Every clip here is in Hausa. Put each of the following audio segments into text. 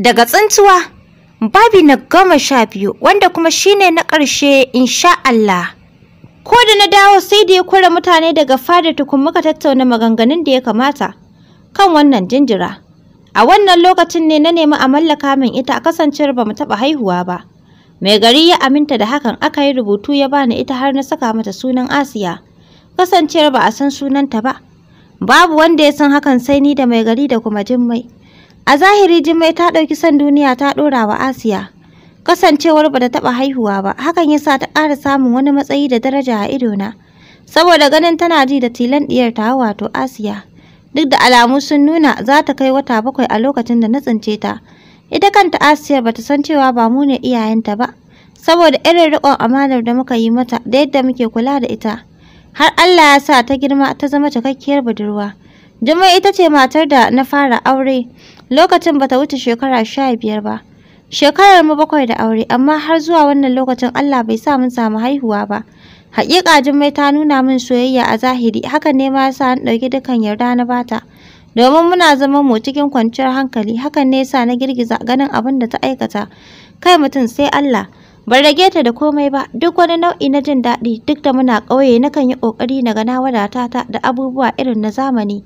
daga tsintuwa babi na goma sha biyu wanda kuma shine na ƙarshe insha Allah. Ko da na dawo sai da ya kura mutane daga fada tukun muka tattauna maganganun da ya kamata kan wannan jinjira. A wannan lokacin ne na nemi a mallaka min ita a kasancewar ba mu taɓa haihuwa ba. Mai gari ya aminta da hakan aka yi rubutu ya bani ita har na saka mata sunan Asiya. Kasancewar ba a san sunanta ba. Babu wanda ya san hakan sai ni da mai gari da kuma Jummai. A zahiri Jummai ta ɗauki son duniya ta ɗora wa Asiya. Kasancewar ba ta taɓa haihuwa ba, hakan ya sa ta ƙara samun wani matsayi da daraja a idona. Saboda ganin tana ji da tilan ɗiyar ta wato Asiya. Duk da alamu sun nuna za ta kai wata bakwai a lokacin da na tsince ta. Ita kanta Asiya ba ta san cewa ba mu ne iyayenta ba. Saboda irin riƙon amanar da muka yi mata da yadda muke kula da ita. Har Allah ya sa ta girma ta zama cikakkiyar budurwa. Jummai ita ce matar da na fara aure lokacin bata wuce shekara sha biyar ba shekarar mu bakwai da aure amma har zuwa wannan lokacin Allah bai sa mun samu haihuwa ba Hakika Jummai ta nuna min soyayya a zahiri hakan ne ma yasa an ɗauki dukan yarda na bata domin muna zama mu cikin kwanciyar hankali hakan ne yasa na girgiza ganin abin da ta aikata kai mutum sai Allah ban rage ta da komai ba duk wani nau'i na jin daɗi duk da muna ƙauye nakan yi ƙoƙari na ga na wadata ta da abubuwa irin na zamani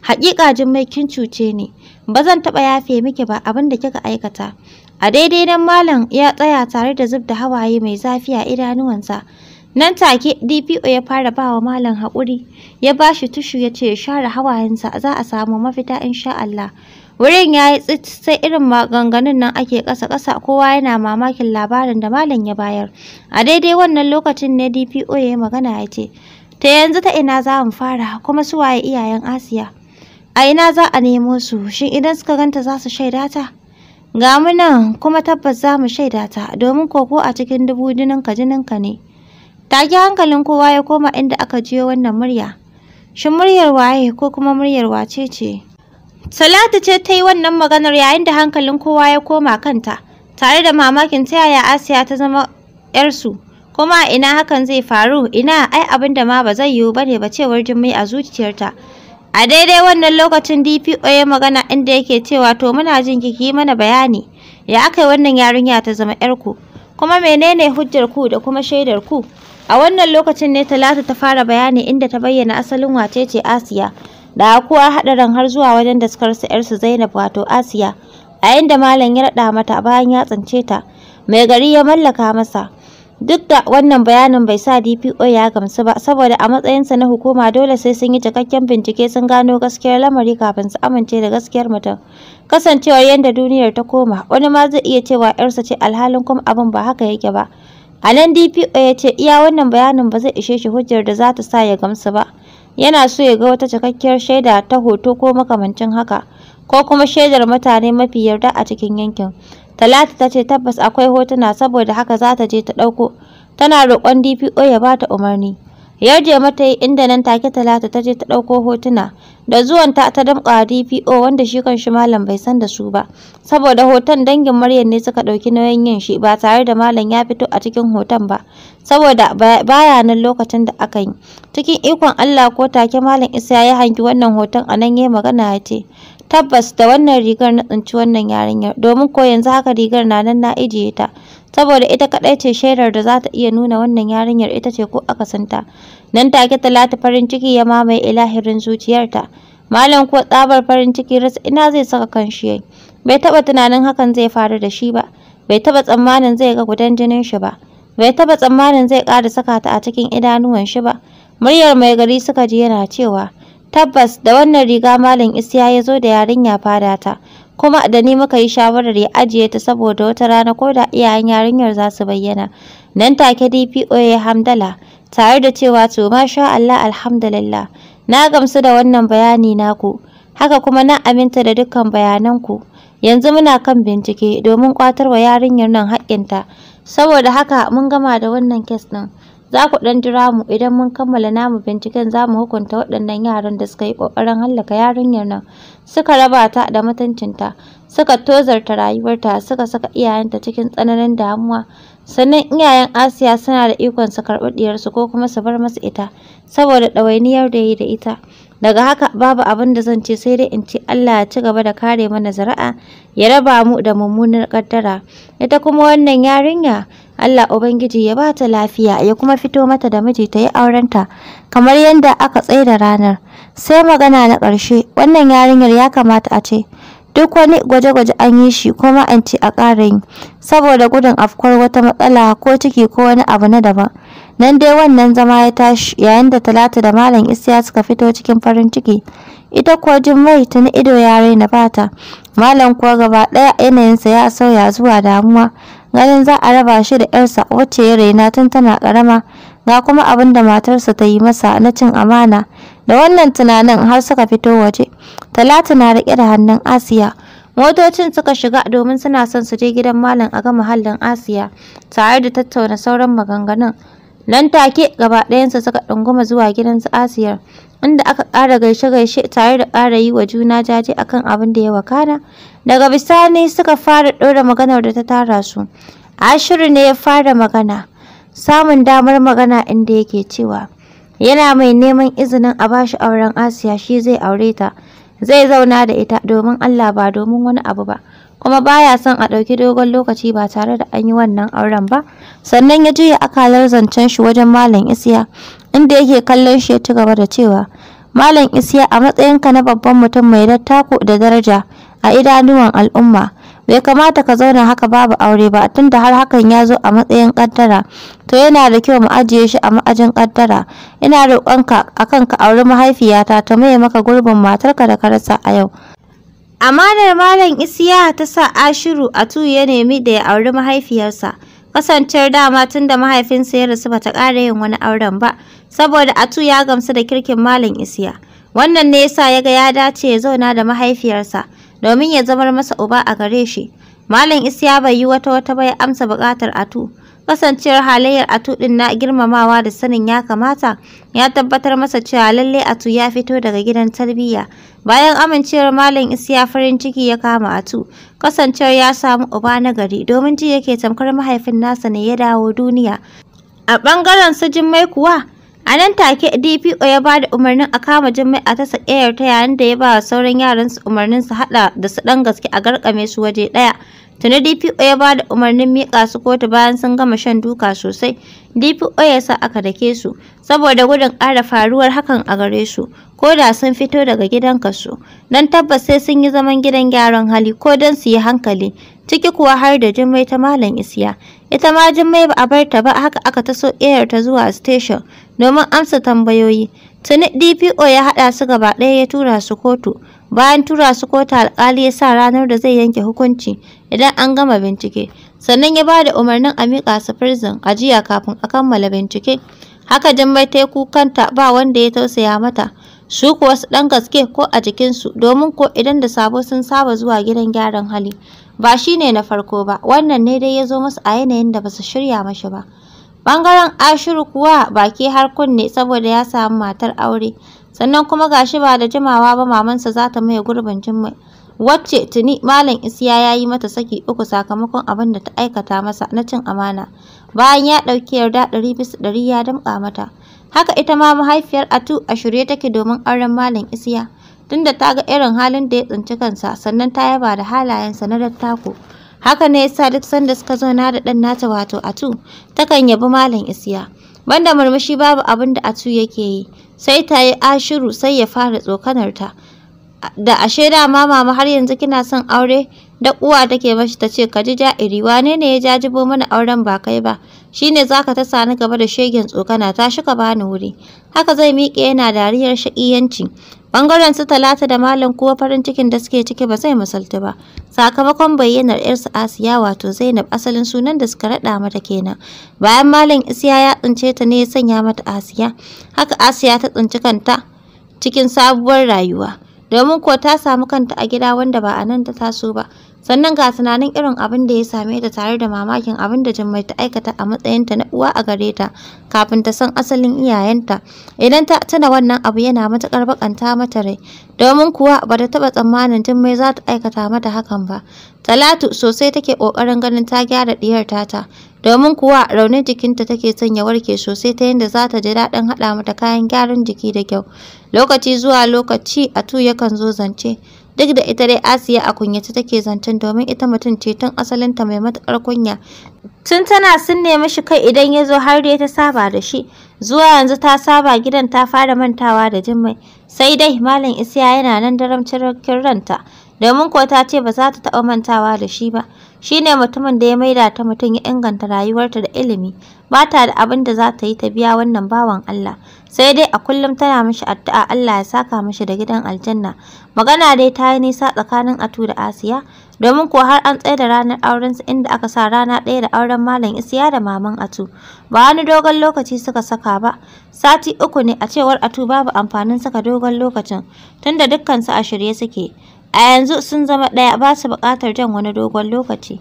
haƙiƙa Jummai kin cuce ni ba zan taɓa yafe miki ba abin da kika aikata a daidai nan malam ya tsaya tare da zub da hawaye mai zafi a idanuwansa nan take dpo ya fara bawa malam haƙuri ya ba shi tushu ya ce ya share hawayensa za a samu mafita insha Allah wurin ya yi tsit sai irin maganganun nan ake ƙasa-ƙasa kowa yana mamakin labarin da malam ya bayar a daidai wannan lokacin ne dpo ya yi magana ya ce ta yanzu ta ina za mu fara kuma su waye iyayen asiya a ina za a nemo su shin idan suka ganta za su shaida ta ga mu kuma tabbas za mu shaida ta domin koko a cikin dubu jininka ka ne take hankalin kowa ya koma inda aka jiyo wannan murya shin muryar waye ko kuma muryar wace ce Talatu ce ta yi wannan maganar yayin da hankalin kowa ya koma kanta tare da mamakin ta yaya Asiya ta zama 'yarsu kuma ina hakan zai faru ina ai abinda ma ba zai yiwu bane ba cewar Jummai a zuciyarta A daidai wannan lokacin DPO ya magana inda yake cewa to muna jin kiki mana bayani ya aka yi wannan yarinya ta zama yarku kuma menene hujjar ku da kuma shaidar ku a wannan lokacin ne talata ta fara bayani inda ta bayyana asalin wace ce Asiya da akuwa haɗarin har zuwa wajen da suka su yarsu Zainab wato Asiya a inda malam ya raɗa mata bayan ya tsince ta mai gari ya mallaka masa Duk da wannan bayanin bai sa DPO ya gamsu ba saboda a matsayinsa na hukuma dole sai sun yi cikakken bincike sun gano gaskiyar lamari kafin su amince da gaskiyar mutum. Kasancewar yadda duniyar ta koma wani ma zai iya cewa ‘yarsa ce alhalin kuma abin ba haka yake ba. A nan DPO ya ce iya wannan bayanin ba zai ishe shi hujjar da za ta sa ya gamsu ba. Yana so ya ga wata cikakkiyar shaida ta hoto ko makamancin haka ko kuma shaidar mutane mafi yarda a cikin yankin. Talatu ta ce tabbas akwai hotuna saboda haka za ta je ta ɗauko. Tana roƙon DPO ya ba ta umarni. Yarje mata yi inda nan take Talatu ta je ta ɗauko hotuna. da zuwan ta ta damƙa DPO wanda shi kan shi malam bai san da su ba saboda hoton dangin Maryam ne suka ɗauki nauyin yin shi ba tare da malam ya fito a cikin hoton ba saboda baya nan lokacin da aka yi cikin ikon Allah ko take malam Isa ya hangi wannan hoton a nan ya magana ya ce tabbas da wannan rigar na tsinci wannan yarinyar domin ko yanzu haka rigar na nan na ijiye ta saboda ita kadai ce shaidar da za ta iya nuna wannan yarinyar ita ce ko akasinta nan take talata farin ciki ya mamaye ilahirin zuciyarta malam kuwa tsabar farin ciki rasa ina zai saka kanshi yayi bai taba tunanin hakan zai faru da shi ba bai taba tsammanin zai ga gudan jinin shi ba bai taba tsammanin zai ƙara saka ta a cikin idanuwan shi ba muryar mai gari suka ji yana cewa tabbas da wannan riga malam isiya ya zo da yarinya fadata kuma da ni muka yi shawarar ya ajiye ta saboda wata rana ko da iyayen yarinyar za su bayyana nan take dpo ya hamdala tare da cewa to masha Allah alhamdulillah na gamsu da wannan bayani naku haka kuma na aminta da dukkan bayananku yanzu muna kan bincike domin kwatarwa yarinyar nan haƙƙinta saboda haka mun gama da wannan kes ɗin za ku ɗan jira mu idan mun kammala namu binciken za mu hukunta waɗannan yaran da suka yi ƙoƙarin hallaka yarinyar nan suka raba ta da mutuncinta suka tozarta rayuwarta suka saka iyayenta cikin tsananin damuwa sannan iyayen Asiya suna da ikon su karɓi ɗiyarsu ko kuma su bar masa ita saboda ɗawainiyar da yi da ita. Daga haka babu abin da zan ce sai dai in ce Allah ya ci gaba da kare mana zara'a ya raba mu da mummunar kaddara. Ita kuma wannan yarinya Allah Ubangiji ya ba ta lafiya ya kuma fito mata da miji ta yi aurenta kamar yadda aka da ranar. Sai magana na ƙarshe wannan yarinyar ya kamata a ce duk wani gwaje-gwaje an yi shi kuma an ce a ƙara yi saboda gudun afkuwar wata matsala ko ciki ko wani abu na daban nan dai wannan zama ya tashi yayin da talatu da malam isiya suka fito cikin farin ciki ita kuwa ta tuni ido ya raina bata malam kuwa gaba ɗaya yanayinsa ya sauya zuwa damuwa ganin za a raba shi da yarsa wacce ya raina tun tana ƙarama ga kuma abin da matarsa ta yi masa na cin amana da wannan tunanin har suka fito waje Talatu na riƙe da hannun Asiya. Motocin suka shiga domin suna son su je gidan Malam a ga muhallin Asiya tare da tattauna sauran maganganun. Nan take gaba ɗayansu suka ɗunguma zuwa gidan su Asiyar inda aka ƙara gaishe-gaishe tare da ƙara yi wa juna jaje akan abin da ya wakana. Daga bisani suka fara ɗora maganar da ta tara su. Ashiru ne ya fara magana, samun damar magana inda yake cewa yana mai neman izinin a bashi auren Asiya shi zai aure ta. zai zauna da ita domin Allah ba domin wani abu ba kuma baya son a ɗauki dogon lokaci ba tare da an yi wannan auren ba sannan ya juya akalar zancen shi wajen malam isiya inda yake kallon shi ya ci gaba da cewa malam isiya a matsayinka na babban mutum mai dattako da daraja a idanuwan al'umma bai kamata ka zauna haka babu aure ba tunda har hakan ya zo a matsayin kaddara to yana da kyau mu ajiye shi a ma'ajin kaddara ina roƙonka akan ka auri mahaifiyata ta maye maka gurbin matarka da ka rasa a yau amanar malam isiya ta sa ashiru a tu ya nemi da ya auri mahaifiyarsa kasancewar dama tun da mahaifinsa ya rasu bata ƙara yin wani auren ba saboda atu ya gamsu da kirkin malam isiya wannan ne yasa ya ga ya dace ya zauna da mahaifiyarsa domin ya zamar masa uba a gare shi. Malam Isiya bai yi wata wata bai amsa buƙatar Atu. Kasancewar halayyar Atu ɗin na girmamawa da sanin ya kamata ya tabbatar masa cewa lalle Atu ya fito daga gidan tarbiyya. Bayan amincewar Malam ya farin ciki ya kama Atu, kasancewar ya samu uba na gari domin ji yake tamkar mahaifin nasa ne ya dawo duniya. A bangaren su Jummai kuwa, A nan take DPO ya ba da umarnin a kama Jummai ta sakayar ta yayin da ya ba sauran yaran su umarnin su hada da su dan gaske a garkame su waje daya. Tuni DPO ya ba da umarnin mika su kotu bayan sun gama shan duka sosai. DPO ya sa aka dake su saboda gudun ƙara faruwar hakan a gare su ko da sun fito daga gidan kasu. Don tabbas sai sun yi zaman gidan gyaran hali ko don su yi hankali ciki kuwa har da Jummai ta Malam Isiya. Ita ma Jummai ba a bar ta ba haka aka taso iyar ta zuwa station domin amsa tambayoyi. Tuni DPO ya haɗa su gaba ɗaya ya tura su kotu. Bayan tura su kotu alƙali ya sa ranar da zai yanke hukunci idan an gama bincike. Sannan ya ba da umarnin a miƙa su prison ajiya kafin a kammala bincike. Haka Jummai ta yi kukanta ba wanda ya tausaya mata. Su kuwa su ɗan gaske ko a jikinsu domin ko idan da sabo sun saba zuwa gidan gyaran hali. Ba shi ne na farko ba, wannan ne dai ya zo musu a yanayin da ba su shirya mashi ba. Ɓangaren Ashiru kuwa baki har kunne saboda ya samu matar aure. Sannan kuma gashi ba da jimawa ba mamansa za ta maye gurbin Jummai. Wacce tuni Malam Isiya ya yi mata saki uku sakamakon abin da ta aikata masa na cin amana. Bayan ya ɗauki yarda ɗari bisa ɗari ya damƙa mata. Haka ita ma mahaifiyar Atu a shirye take domin auren Malam Isiya. Tunda ta ga irin halin da ya tsinci kansa sannan ta yaba da halayensa na dattako. haka ne yasa duk sanda suka zo na da ɗan nata wato atu takan yabi malam isiya banda murmushi babu abin da atu yake yi sai ta yi ashiru sai ya fara tsokanar ta da ashe dama mama har yanzu kina son aure da uwa take mashi ta ce ka ji iri wane ne ya jajibo mana auren ba kai ba shine zaka ta sani gaba da shegen tsokana ta shika bani wuri haka zai miƙe yana dariyar shaƙiyanci Bangaren su Talata da Malam kuwa farin cikin da suke ciki ba zai misaltu ba. Sakamakon bayyanar 'yarsu Asiya wato Zainab asalin sunan da suka raɗa mata kenan. Bayan Malam Isiya ya tsince ta ne ya sanya mata Asiya. Haka Asiya ta tsinci kanta cikin sabuwar rayuwa. Domin ko ta samu kanta a gida wanda ba a nan ta taso ba. sannan ga tunanin irin abin da ya same ta tare da mamakin abin da Jummai ta aikata a matsayinta na uwa a gare ta kafin ta san asalin iyayenta idan ta tuna wannan abu yana matukar bakanta mata rai domin kuwa ba ta taɓa tsammanin Jummai za ta aikata mata hakan ba Talatu sosai take ƙoƙarin ganin ta gyara ɗiyar tata domin kuwa raunin jikinta take son ya warke sosai ta yadda za ta ji daɗin haɗa mata kayan gyaran jiki da kyau lokaci zuwa lokaci a tu yakan zo zance duk da ita dai Asiya a kunyata take zancen domin ita mutum ce tun asalinta mai matuƙar kunya tun tana sun nemi shi kai idan ya zo har dai ta saba da shi zuwa yanzu ta saba gidan ta fara mantawa da jimmai sai dai malam isiya yana nan daram cikakken ranta domin ko ta ce ba za ta taɓa mantawa da shi ba Shi ne mutumin da ya maida ta mutum ya inganta rayuwarta da ilimi. Ba ta da abin da za ta yi ta biya wannan bawan Allah. Sai dai a kullum tana mashi addu'a Allah ya saka mashi da gidan aljanna. Magana dai ta yi nisa tsakanin Atu da Asiya. domin ko har an tsaye da ranar aurensu inda aka sa rana ɗaya da auren Malam Isiya da Maman Atu. Ba wani dogon lokaci suka saka ba, sati uku ne a cewar Atu babu amfanin saka dogon lokacin, tunda dukkansu a shirye suke. a yanzu sun zama ɗaya ba su buƙatar jan wani dogon lokaci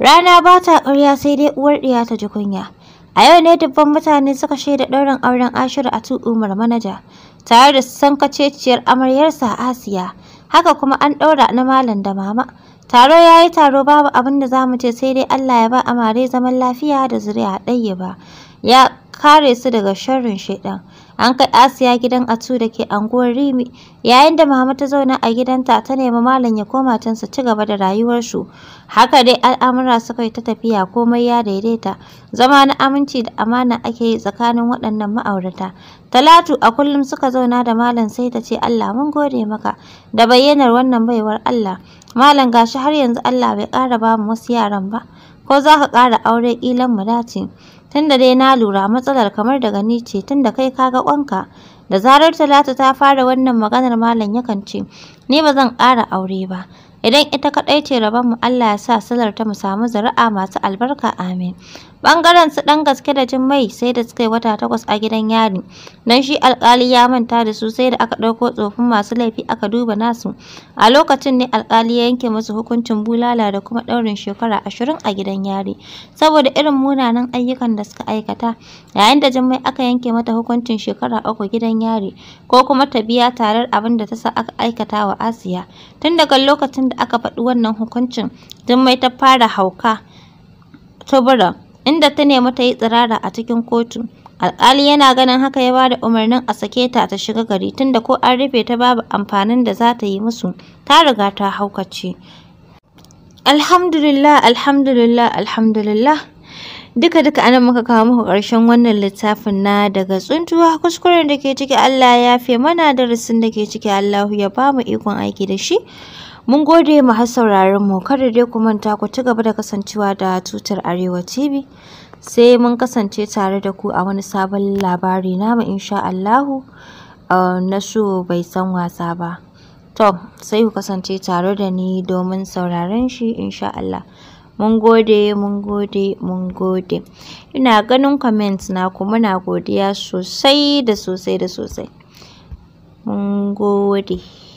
rana ba ta ƙarya sai dai uwar ɗiya ta ji kunya a yau ne dubban mutane suka shaida ɗaurin auren ashiru a umar manaja tare da san kaceciyar amaryarsa asiya haka kuma an ɗaura na malam da mama taro ya yi taro babu abin da za mu ce sai dai allah ya ba amare zaman lafiya da zuriya ɗaya ba ya kare su daga sharrin shaiɗan An kai Asiya gidan Atu da ke anguwar Rimi. Yayin da Muhammad ta zauna a gidanta ta nemi malam ya koma can su ci gaba da rayuwar su Haka dai al'amura suka yi ta tafiya komai ya daidaita. Zama na aminci da amana ake yi tsakanin waɗannan ma'aurata. Talatu a kullum suka zauna da malam sai ta ce Allah mun gode maka da bayyanar wannan baiwar Allah. Malam gashi har yanzu Allah bai ƙara ba mu wasu yaran ba. Ko za ka ƙara aure ƙilan mu dace. tunda dai na lura matsalar kamar daga ni ce tunda kai ka ga da zarar Talatu ta fara wannan maganar malam yakan ce ni ba zan ƙara aure ba idan ita kaɗai ce rabon mu Allah ya sa salar ta mu samu zuri'a masu albarka amin Ɓangaren su ɗan gaske da Jummai sai da suka yi wata takwas a gidan yari. Dan shi alkali ya manta da su sai da aka ɗauko tsofin masu laifi aka duba nasu. A lokacin ne alkali ya yanke musu hukuncin bulala da kuma ɗaurin shekara ashirin a gidan yari saboda irin munanan ayyukan da suka aikata. Yayin da Jummai aka yanke mata hukuncin shekara uku gidan yari ko kuma ta biya tarar abin da ta sa aka aikata wa Asiya. Tun daga lokacin da aka faɗi wannan hukuncin, Jummai ta fara hauka tubura. inda ta nemi ta yi tsirara a cikin kotu. Alƙali yana ganin haka ya bada umarnin a sake ta ta shiga gari tunda ko an rufe ta babu amfanin da za ta yi musu, ta riga ta haukace. Alhamdulillah, alhamdulillah, alhamdulillah. Duka duka anan muka kawo muku ƙarshen wannan littafin na daga tsuntuwa kuskuren da ke ciki Allah ya fi mana darasin da ke ciki Allahu ya ba mu ikon aiki da shi. Mun gode ma sauraron mu kada dai ku manta ku ci gaba da kasancewa da tutar Arewa TV. Sai mun kasance tare da ku a wani sabon labari namu insha Allahu eh, na so bai san wasa ba. To sai ku kasance tare da ni domin sauraron shi insha Allah. Mun gode, mun gode, mun gode. Ina ganin comments na ku muna godiya sosai da sosai da sosai. Mun gode.